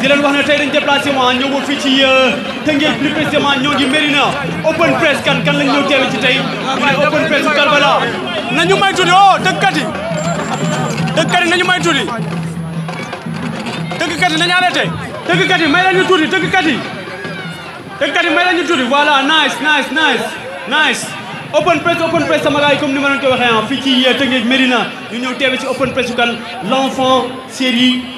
di leen wax ne tey dañ déplacé wu ñëw fii ci euh, Tëngéej plus précisément ñoo ngi Mérina open press kan kan lañ ñëw teewe ci tey ñu ne open press bu Karbala nañu may tuuti oh dëggkat yi dëggkat nañu may tuuti dëggkat yi nañu arrêté dëggkat yi may leen ñu tuuti dëggkat yi dëggkat yi may leen ñu tuuti voilà nice nice nice nice open press open press sama gars yi comme ni ma leen ko waxee ah fii ci euh, Tëngéej Mérina ñu ñëw teewe ci open press bu kan l'enfant série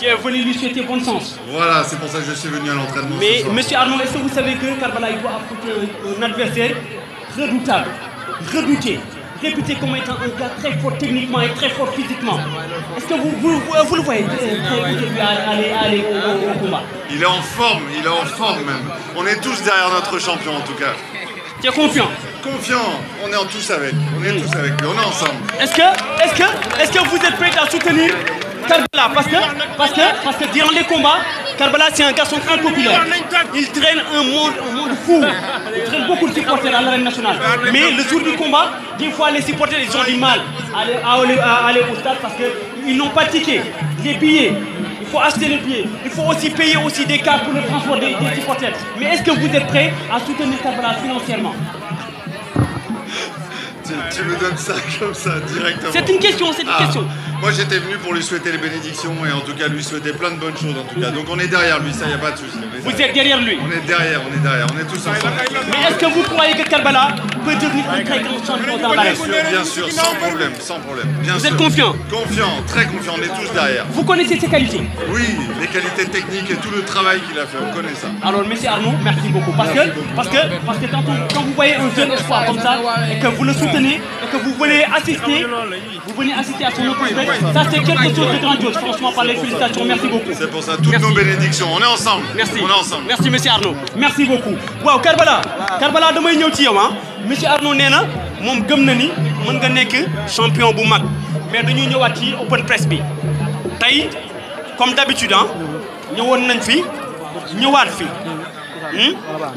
qui est venu lui souhaiter bonne chance. Voilà, c'est pour ça que je suis venu à l'entraînement. Mais monsieur Arnaud, est-ce que vous savez que Karbala Ibo a un, un adversaire redoutable, redouté, réputé comme étant un gars très fort techniquement et très fort physiquement Est-ce que vous, vous, vous, le voyez aller, euh, aller au, au combat Il est en forme, il est en forme même. On est tous derrière notre champion en tout cas. Tu es confiant Confiant, on est en tous avec, on est tous avec lui, on est ensemble. Est-ce que, est-ce que, est-ce que vous êtes prêts à soutenir Karbala, parce que, parce que, parce que durant les combats, Karbala c'est un garçon impopulaire. Il traîne un monde, fou. Il traîne beaucoup de supporters à l'arène nationale. Mais le jour du combat, des fois les supporters ils ont du mal à aller, au stade parce qu'ils n'ont pas tiqué Il faut acheter les billets. Il faut aussi payer aussi des cartes pour le transport des, supporters. Mais est-ce que vous êtes prêts à soutenir Karbala financièrement tu, tu, me donnes ça comme ça, directement. C'est une question, c'est une ah. question. Moi, j'étais venu pour lui souhaiter les bénédictions et en tout cas lui souhaiter plein de bonnes choses. En tout cas, donc on est derrière lui, ça, y a pas de souci. Vous êtes derrière lui. On est derrière, on est derrière, on est tous ensemble. Mais est-ce que vous croyez que Karbala Godovic, un très grand champion d'Arbalès. Bien sûr, sans problème, confiant très confiant, on est tous derrière. Vous connaissez ses qualités Oui, les qualités techniques et tout le travail qu'il a fait, on connaît ça. Alors, monsieur vous voyez un jeune espoir comme ça, que vous le soutenez, et que vous venez assister, à son opposé, ça c'est quelque chose de grandiose. Franchement, par les félicitations, C'est pour ça, toutes nos bénédictions, on est ensemble. Merci. monsieur Arnaud nee na moom gëm na ni mën nga nekk champion bu mag mais dañuy ñëwaat ci open press bi tey comme d'habitude ah ñëwoon nañ fi ñëwaat fi hmm?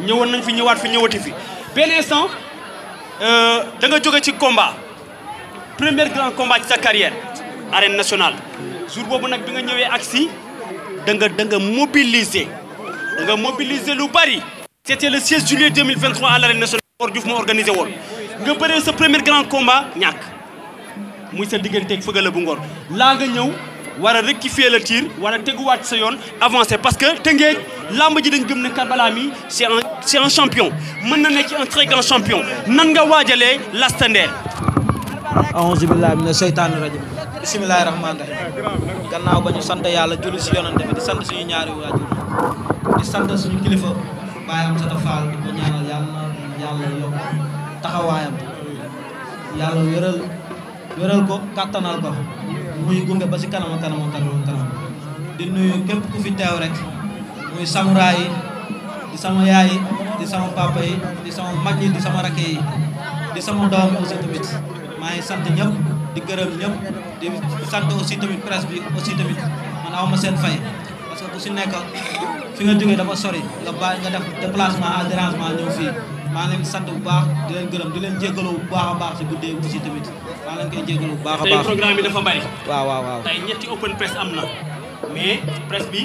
ñëwoon nañ fi ñëwaat fi ñëwati fi benn instant euh, da nga jóge ci combat premier grand combat ci sa carrière arène nationale jour boobu nag bi nga ñëwee ak si da nga da nga mobiliser da nga lu bari c'était le 16 à l'arène nationale Or Diouf moo organisé woon nga bëree sa premier grand combat ñàkk muy sa digganteeg fëgala bu ngor laa nga ñëw wara a rectifier le tir war a sa yoon avancé parce que Tëngéej làmb ji dañ gëm ne Karbala mi c'est un c'est un champion mën na nekk un très grand champion nan nga waajalee lasta ndeer aouzu billahi mina seytaani rajim bismillahi rahmaani rahim gannaaw ba ñu sant yàlla julli si yonante bi di sant suñu ñaari waajur di sant suñu kilifa bàyyam sa Fall di ko ñaanal yàlla yàlla yokk taxawaayam yàlla wéral wéral ko kàttanal ko muy gunge ba si kanam kanam kanam kanam di nuyu képp ku fi teew rek muy samuraa yi di sama yaay yi di sama papa yi di sama mag yi di sama rakk yi di sama doom aussi tamit maa ngi sant ñëpp di gërëm ñëpp di sant aussi tamit presse bi aussi tamit man awma seen fay parce que ku si nekk fi nga jógee dafa sori nga bàyyi nga def déplacement ak dérangement ñëw fii maa ngi leen sant bu baax di leen gërëm di leen jégalu bu baax a baax si guddee aussi tamit maa leen koy jégalu bu baax a baax tey bi dafa bari waaw waaw waaw tey ñetti open press am na mais presse bi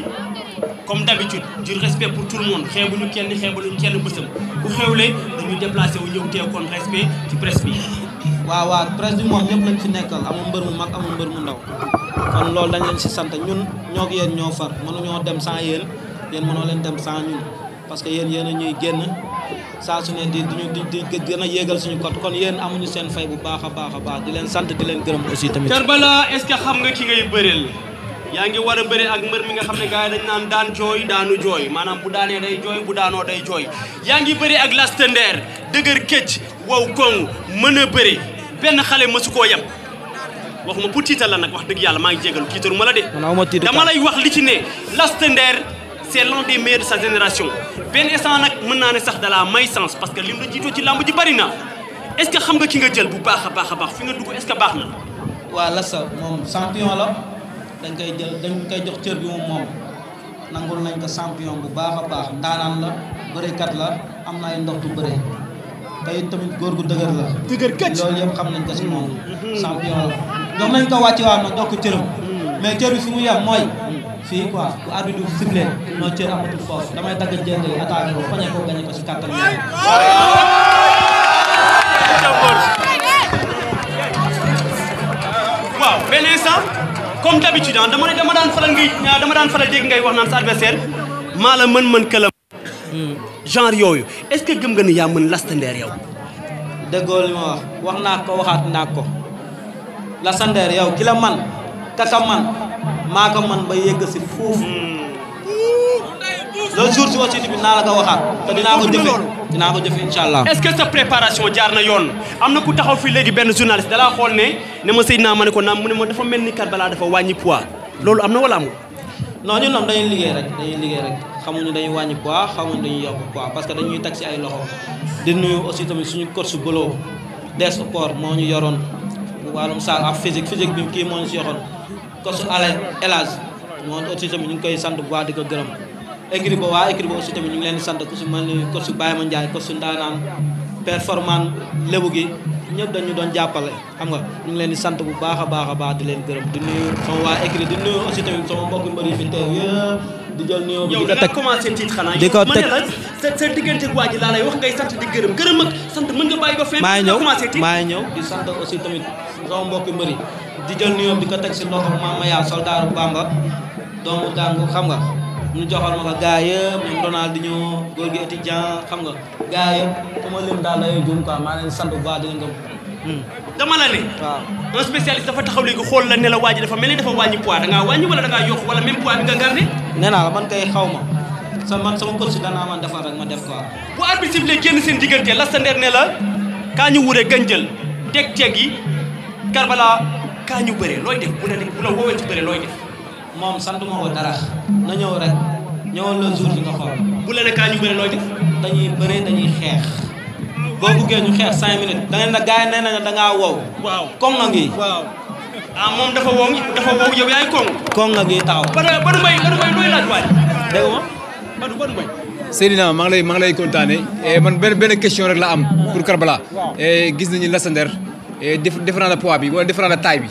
comme d'habitude du respect pour tout le monde xeebuñu kenn xeebuñu kenn bësam ku xewle dañu déplacé wu ñëw teew kon respect ci presse bi waaw waaw presse bi moom ñëpp lañ ci nekkal amul mbër mu mag amul mbër mu ndaw kon loolu dañ leen si santa ñun ñoo ko yéen ñoo far mënuñoo dem sans yéen yéen mënoo leen dem sans ñun parce que yéen yéen a ñuy génn saa su ne di di di gën a yéegal suñu kot kon yéen amuñu seen fay bu baax a baax a baax di leen sant di leen gërëm aussi tamit. Karbala est-ce que xam nga ki ngay bëreel yaa ngi war a bëri ak mbër mi nga xam ne gars yi dañ naan daan jooy daanu jooy maanaam bu daanee day jooy bu daanoo day jooy yaa ngi bëri ak Lac Tonnerre dëgër këcc wow ko mën a bëri benn xale mësu koo yem waxuma pour tiital la nag wax dëgg yàlla maa ngi jégalu tiitaru ma la de. dama lay wax li ci ne. Last Nder c'est l'un des meilleurs sa génération benn instant nag mën naa ne sax dalaa may sens parce que lim la jiitoo ci làmb ji bari na est-ce que xam nga ki nga jël bu baax a baax a baax fi nga dugg est-ce que baax na. waaw Lassa moom champion la dañ koy jël dañ koy jox cër bi moom moom nangul nañ ko champion bu baax a baax ndaanaan la bërekat la am naa ay ndox du tey tamit góor gu dëgër la. dëgër këcc loolu yëpp xam nañ ko si moom. champion la dox nañ ko wàcce waa ma dox ko cëram. Hmm. mais cër bi fi mu yem mooy. fii quoi bu arbitre bi sifflé noo cër amatul foofu damay dagg jéem a attaqué ko fañe ko gañe ko si kàttan waaw benn instant comme d'habitude ah, dama ne dama daan faral ngay dama daan faral dégg ngay wax naan sa adversaire maa la mën-mën këlam. genre yooyu est-ce que gëm nga ni yaa mën lastandeer yow. déggoo ma wax wax naa ko waxaat naa ko lastandeer yow kila man kaka man maa ko man ba yegg si foofu. Hmm. loolu jour si aussi bi naa la ko waxaat te dinaa ko jëfe dinaa ko jëfe incha allah. que sa préparation jaar na yoon am na ku taxaw fii léegi benn journaliste dalaa xool ne ne ma Seydina ma ne ko naam mu ne ma dafa mel ni Karbala dafa wàññi poids loolu am na wala amul. non ñun ñoom dañuy liggéey rek dañuy liggéey rek xamuñu dañuy wàññi poids xamuñu dañuy yokk poids parce que dañuy teg ci ay loxo di nuyu aussi tamit suñu coach su Bolo des sport moo ñu yoroon wàllum salle ak physique physique bi kii moo ñu si yoroon coach Alain Elage moo aussi tamit ñu ngi koy sant bu baax di ko gërëm écrit ba waa écrit aussi tamit ñu ngi leen sant ku si mel ni coach Baye Mandiaye coach Ndanaan performant lébu gi ñëpp dañu doon jàppale xam nga ñu leen di sant bu baax a baax a baax di leen gërëm di nuyu sama waa écrit di nuyu aussi tamit sama mbokk mbër yi di jël nuyoo ko xanaa di ko teg sa wax ngay sant gërëm gërëm ak sant mën nga bàyyi ba fin maa ñëw ñëw di sant aussi tamit sama mbokk mbër yi di jël nuyoo di ko teg si loxo Mama Yaa soldaaru Bamba doomu dàngu xam nga ñu joxoon ma ko gaa yëpp ñoom Ronaldinho góor gi étudiant xam nga gaa yëpp ku ma lim daal lay juum quoi maa leen sant bu baax di leen gëm. Hmm. dama la ne. waaw un spécialiste xool la ne la waa ji dafa mel ni dafa wàññi poids da ngaa wàññi wala da ngaa yokk wala même poids bi nga gardé. nee naa la ma sa man sama coach man defar rek ma def ko bu arbitre sifflé génn seen diggante la sa ndeer ne la kaa ñu wuree gànjël teg teg yi Karbala kaa ñu bëree looy def bu ne bu la woowee ci bëree looy def. moom sant ma ko dara na ñëw rek ñëwal la jour yi nga xool. bu la ne kaa ñu bëri nooy def. dañuy bëri dañuy xeex. boo buggee ñu xeex cinq minutes. da ngeen na gars yi nee nañu da wow. waaw koŋ ngi. waaw ah moom dafa wow dafa wow yow yaay koŋ. koŋ nga ngi taaw. Badou Badou Mbaye Badou Mbaye looy laaj waay. dégg nga Badou Badou Mbaye. Seydina maa lay maa lay kontaanee eh, man benn benn question rek la am pour Karbala. Eh, gis nañu Lassender. Eh, différent de pois bi wala différent de taille bi.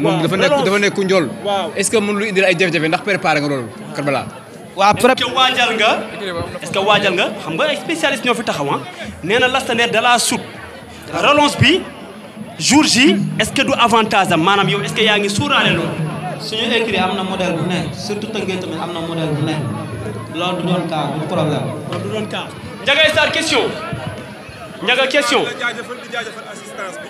moom dafa nekk dafa nekk njool. est-ce que mën lu indil ay jafe-jafe ndax préparé nga loolu Karbala. waa que waajal nga. nga xam nga ay spécialiste ñoo fi taxaw ah. nee na lastaneer de la soupe. relance bi jour J est-ce que du avantage am maanaam yow est-ce que yaa ngi suuraale loolu. suñu écrit am na modèle bu ne surtout ta tamit am na modèle bu ne loolu du doon question. ñaga question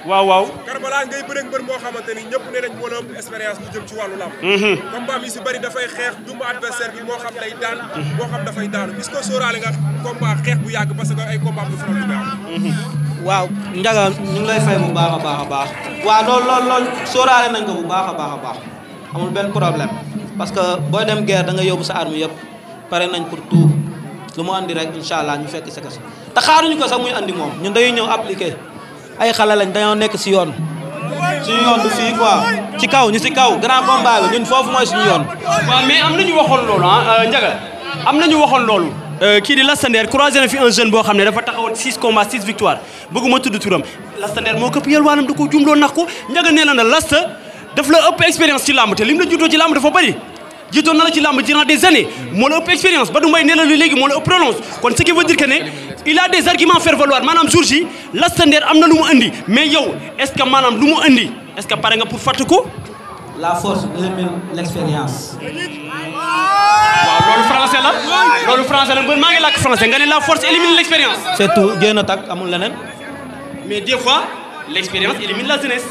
waaw waaw Karbala ngay bëreeg mbër moo xamante ni ñëpp ne nañ moo la ëpp expérience bu jëm ci wàllu làmb mhm. combat mi si bëri dafay xeex duma adversaire bi moo xam lay daan moo xam dafay daanu est-ce que nga combat xeex bu yàgg parce que ay combat bu faral mhm. waaw njaga ñu ngi lay fay bu baax a baax a baax waa loolu loolu loolu sóoraale nañ ko bu baax a baax a baax amul benn problème parce que booy dem guerre da nga yóbbu sa arme yëpp pare nañ pour tout lu mu andi rek incha allah ñu fekk sa kaso te xaaruñu ko sax muy andi moom ñun dañuy ñëw appliqué ay xale lañ dañoo nekk si yoon suñu yoon du fii quoi ci kaw ñu si kaw grand combat bi ñun foofu mooy suñu yoon. waaw mais am nañu waxoon loolu ah euh, Ndiaga am nañu waxoon loolu. Euh, kii di Lastander croisé na fi un jeune boo xam ne dafa taxawoon 6 combats 6 victoires bëgguma tudd turam Lastander moo këpp yalwaanam da ko jumloo nax ko Ndiaga nee na la Lasta daf la ëpp expérience ci làmb ci làmb dafa bëri. jiitoon na la ci làmb durant des années moo la ëpp expérience Badou Mbaye nee na lu léegi moo la ëpp kon ce qui veut dire que ne il a des arguments faire valoir maanaam jour ji Lac am na lu mu indi mais yow est-ce que maanaam lu mu indi est-ce que pare nga pour fàtte ko. la force élimine l'expérience. la loolu français la maa ngi làkk français nga ne la force élimine l'expérience. c'est tout jéem a tàkk amul leneen. mais des fois l'expérience élimine la jeunesse.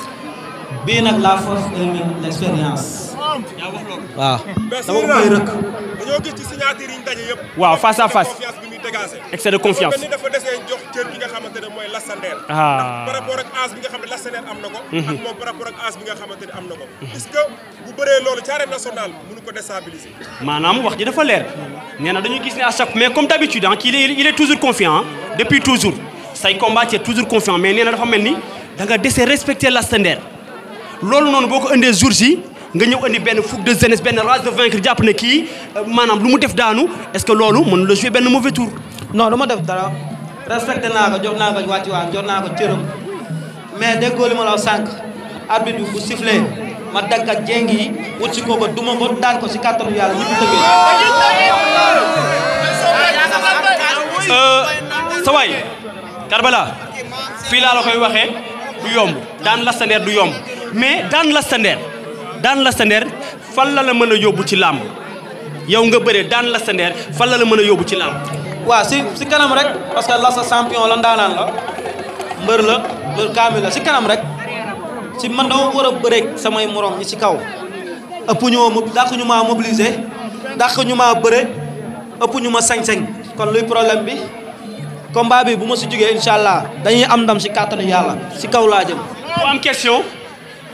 bii nag la force élimine l'expérience. waaw. dama koy rëkk. dañoo gis ci signature yi ñu daje yëpp. waaw face à face. excès de confiance. dafa desee jox cër bi nga xamante ne mooy Lassander. Ah. par rapport ak as bi nga xam ne Lassander am na ko. Mhm. ak moom par rapport ak as bi nga xamante ne am na ko. est-ce que bu bëree loolu ci arène nationale mënu ko déstabiliser. maanaam wax ji dafa leer nee na dañuy gis ne à chaque mais comme d'habitude ah kii il est toujours confiant depuis toujours say combat c'est toujours confiant mais nee na dafa mel ni da nga dese respecter Lassander loolu noonu boo ko indee jours yi. nga ñëw andi benn fougue de jeunesse benn rage de vaincre jàpp na kii euh, maanaam lu mu def daanu est-ce que loolu mën la jouer benn mauvais tour. non du ma def dara respecté naa ko jox naa ko wàcci waan jox naa ko cëram mais góor li ma la sànq arbitre bi bu sifflé ma dagg ak jéng yi wut si kooku duma ko daan ko si kàttanu yàlla ñu ko tëggee. Euh, sa waay fii laa la koy waxee du yomb daan Lastander du yomb mais daan Lastander. daan la sa ndeer fan la la mën a yóbbu ci làmb yow nga bëree daan la sa ndeer fan la la mën a yóbbu ci làmb. waa si si kanam rek parce la sa champion la ndaanaan la mbër la mbër kaamil la si kanam rek si man dama war a bëreeg samay morom ñi si kaw ëpp ñoo ma dàq ñu maa mobiliser ñu ma bëre ëpp ñu ma sañ-sañ kon luy problème bi combat bi bu ma si jógee incha allah dañuy am ndam si kàttanu yàlla si kaw laa jëm.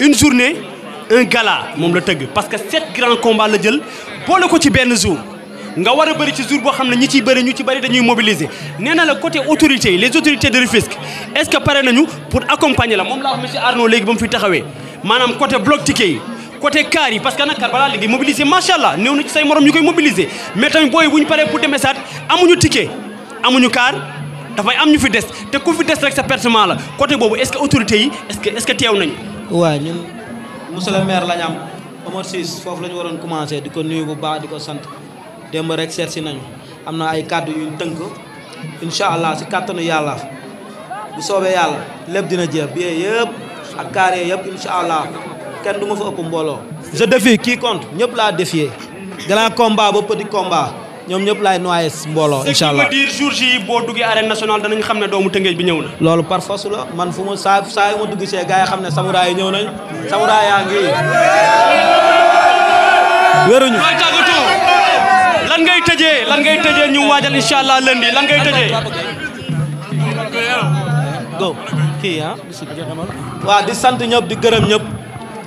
une journée un gala moom la tëgg parce que sept grands combats la jël boole ko ci benn jour nga war a bëri ci jour boo xam ne ñi ci bëri ñu ci bari dañuy mobiliser nee na la côté autorité yi les autorités de Rufisque est-ce que pare nañu pour accompagner la moom laa wax monsieur Arnaud léegi ba mu fi taxawee maanaam côté bloc ticket yi côté car yi parce que nag Karbala li ngay mobiliser macha allah néew na say morom ñu koy mobiliser mais tamit booy bu ñu paree pour demee saat amuñu ticket amuñu car dafay am ñu fi des te ku fi des rek sa waaw ñun monsieur le maire lañ am Omar foofu lañu waroon commencé di ko nuyu bu baax di ko sant démb rek seet si nañu am na ay kàddu yuñ tënk incha allah si kàttanu yàlla bu soobee yàlla lépp dina jeex biyee yëpp ak kaar yëpp incha allah kenn du ma fa ëpp mbooloo. je kii quiconque ñëpp laa défier grand combat ba petit combat. ñoom ñëpp laay noyé mbooloo incha allah ce qui veut ji boo duggee arène nationale danañ xam ne doomu tëngeej bi ñëw na. loolu par la man fu ma saa saa yu ma dugg see gars yi xam ne samuraay yi ñëw nañ samuraay yaa ngi wéruñu lan ngay tëjee lan ngay tëjee ñu waajal incha allah lundi lan ngay tëjee. go ah. di sant ñëpp di gërëm ñëpp.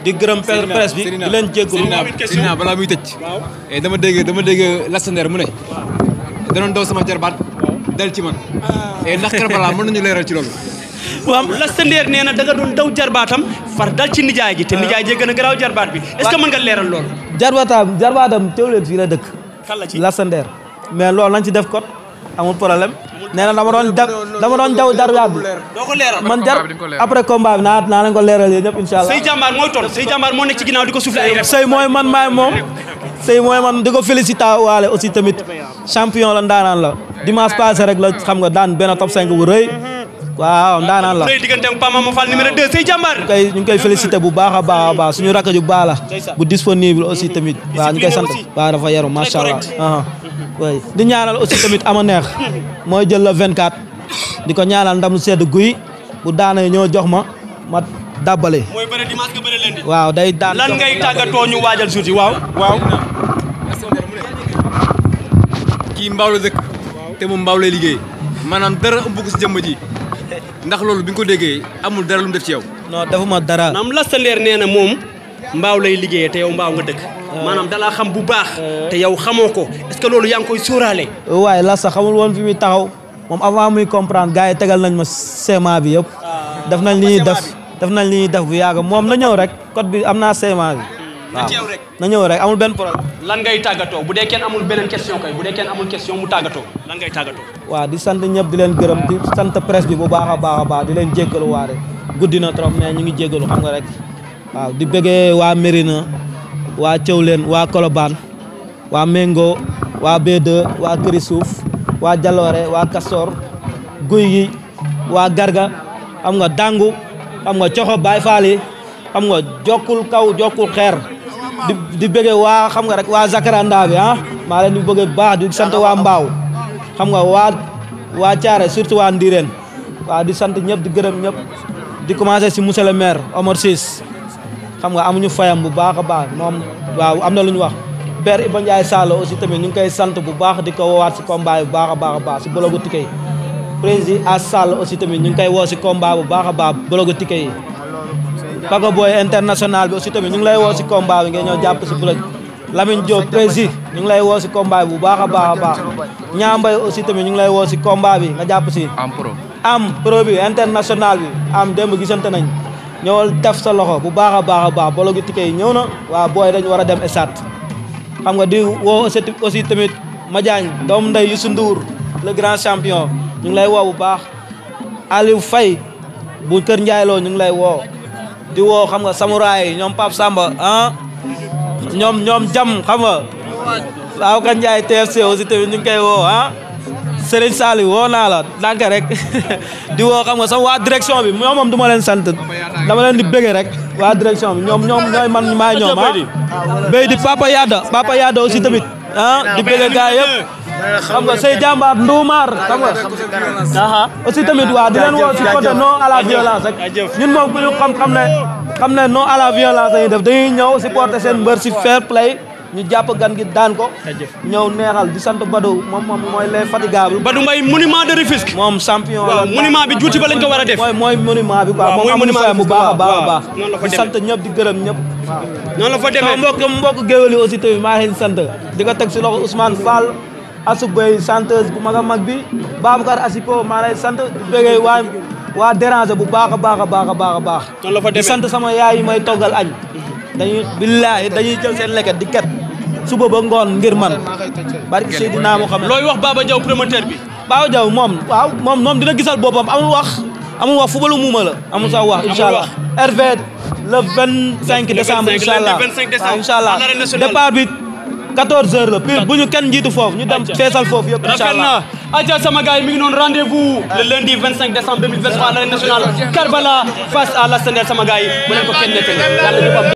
di gërëm presse bi di leen jégalu. Seydina balaa muy tëj. Eh, dama dégg dama dégg lastaneer mu ne. danoon daw sama jarbaat. dal ci man. Ah. Eh, ndax Karbala mën nañu leeral ci loolu. waaw lastaneer nee na da nga doon daw jarbaatam far dal ci nijaay ji te nijaay ji gën a garaaw jarbaat bi est-ce que mën nga leeral loolu. jarbaatam jarbaatam teewleen fii la dëkk. kan la ci lastaneer mais loolu nañ ci def kot amul problème. nee na dama doon daw dama doon daw darwaat bi man jar après combat naa naa leen ko leeral yéen mooy moo man maay moom sëy mooy man di ko félicité waale aussi tamit champion la ndaanaan la dimanche passé rek la xam nga daan benn top 5 bu waaw ndaanaan la digganteem Pama ma Fall numéro 2 say jàmbaar ñu ñu ngi koy félicité bu baax a baax suñu rakk ju baax la bu disponible aussi tamit waaw ñu koy sant waaw dafa yaru di ñaanal aussi tamit ama neex mooy jël la 24 di ko ñaanal ndam lu sedd guy bu yi ñoo jox ma ma dàbbale mooy bëre dimanche nga bëre lundi waaw day daan lan waajal suuti waaw kii mbaaw la dëkk te mu mbaaw lay liggéey maanaam dara ëmb ko si jëmm ji ndax loolu bi nga ko déggee amul dara lu mu def ci yow. non defuma dara. maanaam lasta leer nee na moom mbaaw lay liggéeye te yow mbaaw nga dëkk. Euh. maanaam dalaa xam bu baax. Euh. te yow xamoo ko est loolu yaa ngi koy sóoraale. waaye lasta xamul woon fi muy taxaw moom avant muy comprendre gars yi tegal nañ ma CMA bi yëpp. Ah. def nañ li ñuy def def nañ li ñuy def bu yàgg moom na ñëw rek code bi am naa CMA bi. na ñëw rek na amul benn problème. lan ngay tàggatoo bu dee kenn amul beneen question kay bu dee kenn amul question mu tàggatoo lan ngay tàggatoo. waa di sant ñëpp di leen gërëm di sant presse bi bu baax a baax a baax di leen jéggalu waare guddi na trop mais ñu ngi jéggalu xam nga rek waaw di bëggee waa Mérina waa Thiawlène waa Colobane waa Mengo waa B2 waa Këri Suuf waa Jaloore waa Kasor guy gi waa Garga xam nga Dangu xam nga Coxo Baay Faal yi xam nga jokkul kaw jokkul xeer. di di bëgge waa xam nga rek waa Jakaranda bi ah maa leen nu bëgge baax di sant waa mbaaw xam nga waa waa Thiaré surtout waa Ndiréen waaw di sant ñëpp di gërëm ñëpp di commencé si monsieur le maire Omar Ciss xam nga amuñu fayam bu baax a baax moom waaw am na lu ñu wax père Iba Ndiaye Sall aussi tamit ñu ngi koy sant bu baax di ko woowaat si combat bu baax a baax a baax si bologu tike yi président As Sall aussi tamit ñu ngi koy woo si combat bu baax a baax bologu tike yi Paga Boy international bi aussi tamit ñu ngi lay woo si combat bi ngeen ñëw jàpp si Broc ñu ngi lay woo si combat bi bu baax a baax a baax ñaambay aussi tamit ñu ngi lay woo si combat bi nga jàpp si am pro bi international bi am démb gisante nañ ñëwal taf sa loxo bu baax a baax a bolo gi ticket yi ñëw na waa booy dañu war a dem esat xam nga di woo aussi tamit Madiagne doomu ndey Youssou Ndour le grand champion ñu ngi lay woo bu baax Aliou fay bu Kër Ndiayloo ñu ngi lay woo di woo xam nga samuraay ñoom Pape Samba ah ñoom ñoom jam xam nga waaw kan Njaay TFC aussi tamit ñu ngi koy woo ah Serigne Saliou woo naa la dànk rek di woo xam nga sama waa direction bi ñoom moom du ma leen sant dama leen di bëgge rek waa direction bi ñoom ñoom ma man maay ñoom ah béy Papa Yada Papa Yada aussi ah di bëgge xam nga say jàmbaar nduumaar xam nga aussi tamit waa di leen woo si côté non à la violence rek ñun moom ku ñu xam xam ne xam ne non à la violence lañuy def dañuy ñëw supporter seen mbër si fair play ñu jàpp gan gi daan ko ñëw neexal di sant Badou moom moom mooy les fatigables Badou Mbaye monument de Rufisque moom champion waaw monument bi juuti ba lañ ko war a def mooy mooy monument bi quoi moom amul fay bu baax a baax a baax di sant ñëpp di gërëm ñëpp noonu la fa demee mbokk mbokk géwél yi aussi tamit maa ngi sant di ko teg si loxo Ousmane Fall asubay chanteuse bu mag a mag bi Babacar Asiko maa lay sant bëggee waa waa déranger bu baax a baax a baax a baax a baax di sant sama yaay yi may toggal añ dañuy billaahi dañuy jël seen leket di ket suba ba ngoon ngir man barki Seydina Muhammad looy wax Baba Diaw promoteur bi Baba Diaw moom waaw moom moom dina gisal boppam amul wax fu bala fubalu muuma la amul sax wax incha allah RV le 25 décembre incha allah incha allah départ bi 14 heures la pire bu ñu kenn njiitu foofu ñu dem feesal foofu yëpp incha allah aja sama mi ngi noonu rendez le ah. lundi 25 décembre 2023 à l'arène nationale Karbala face à l'Asséner sama bu leen kenn nettali yàlla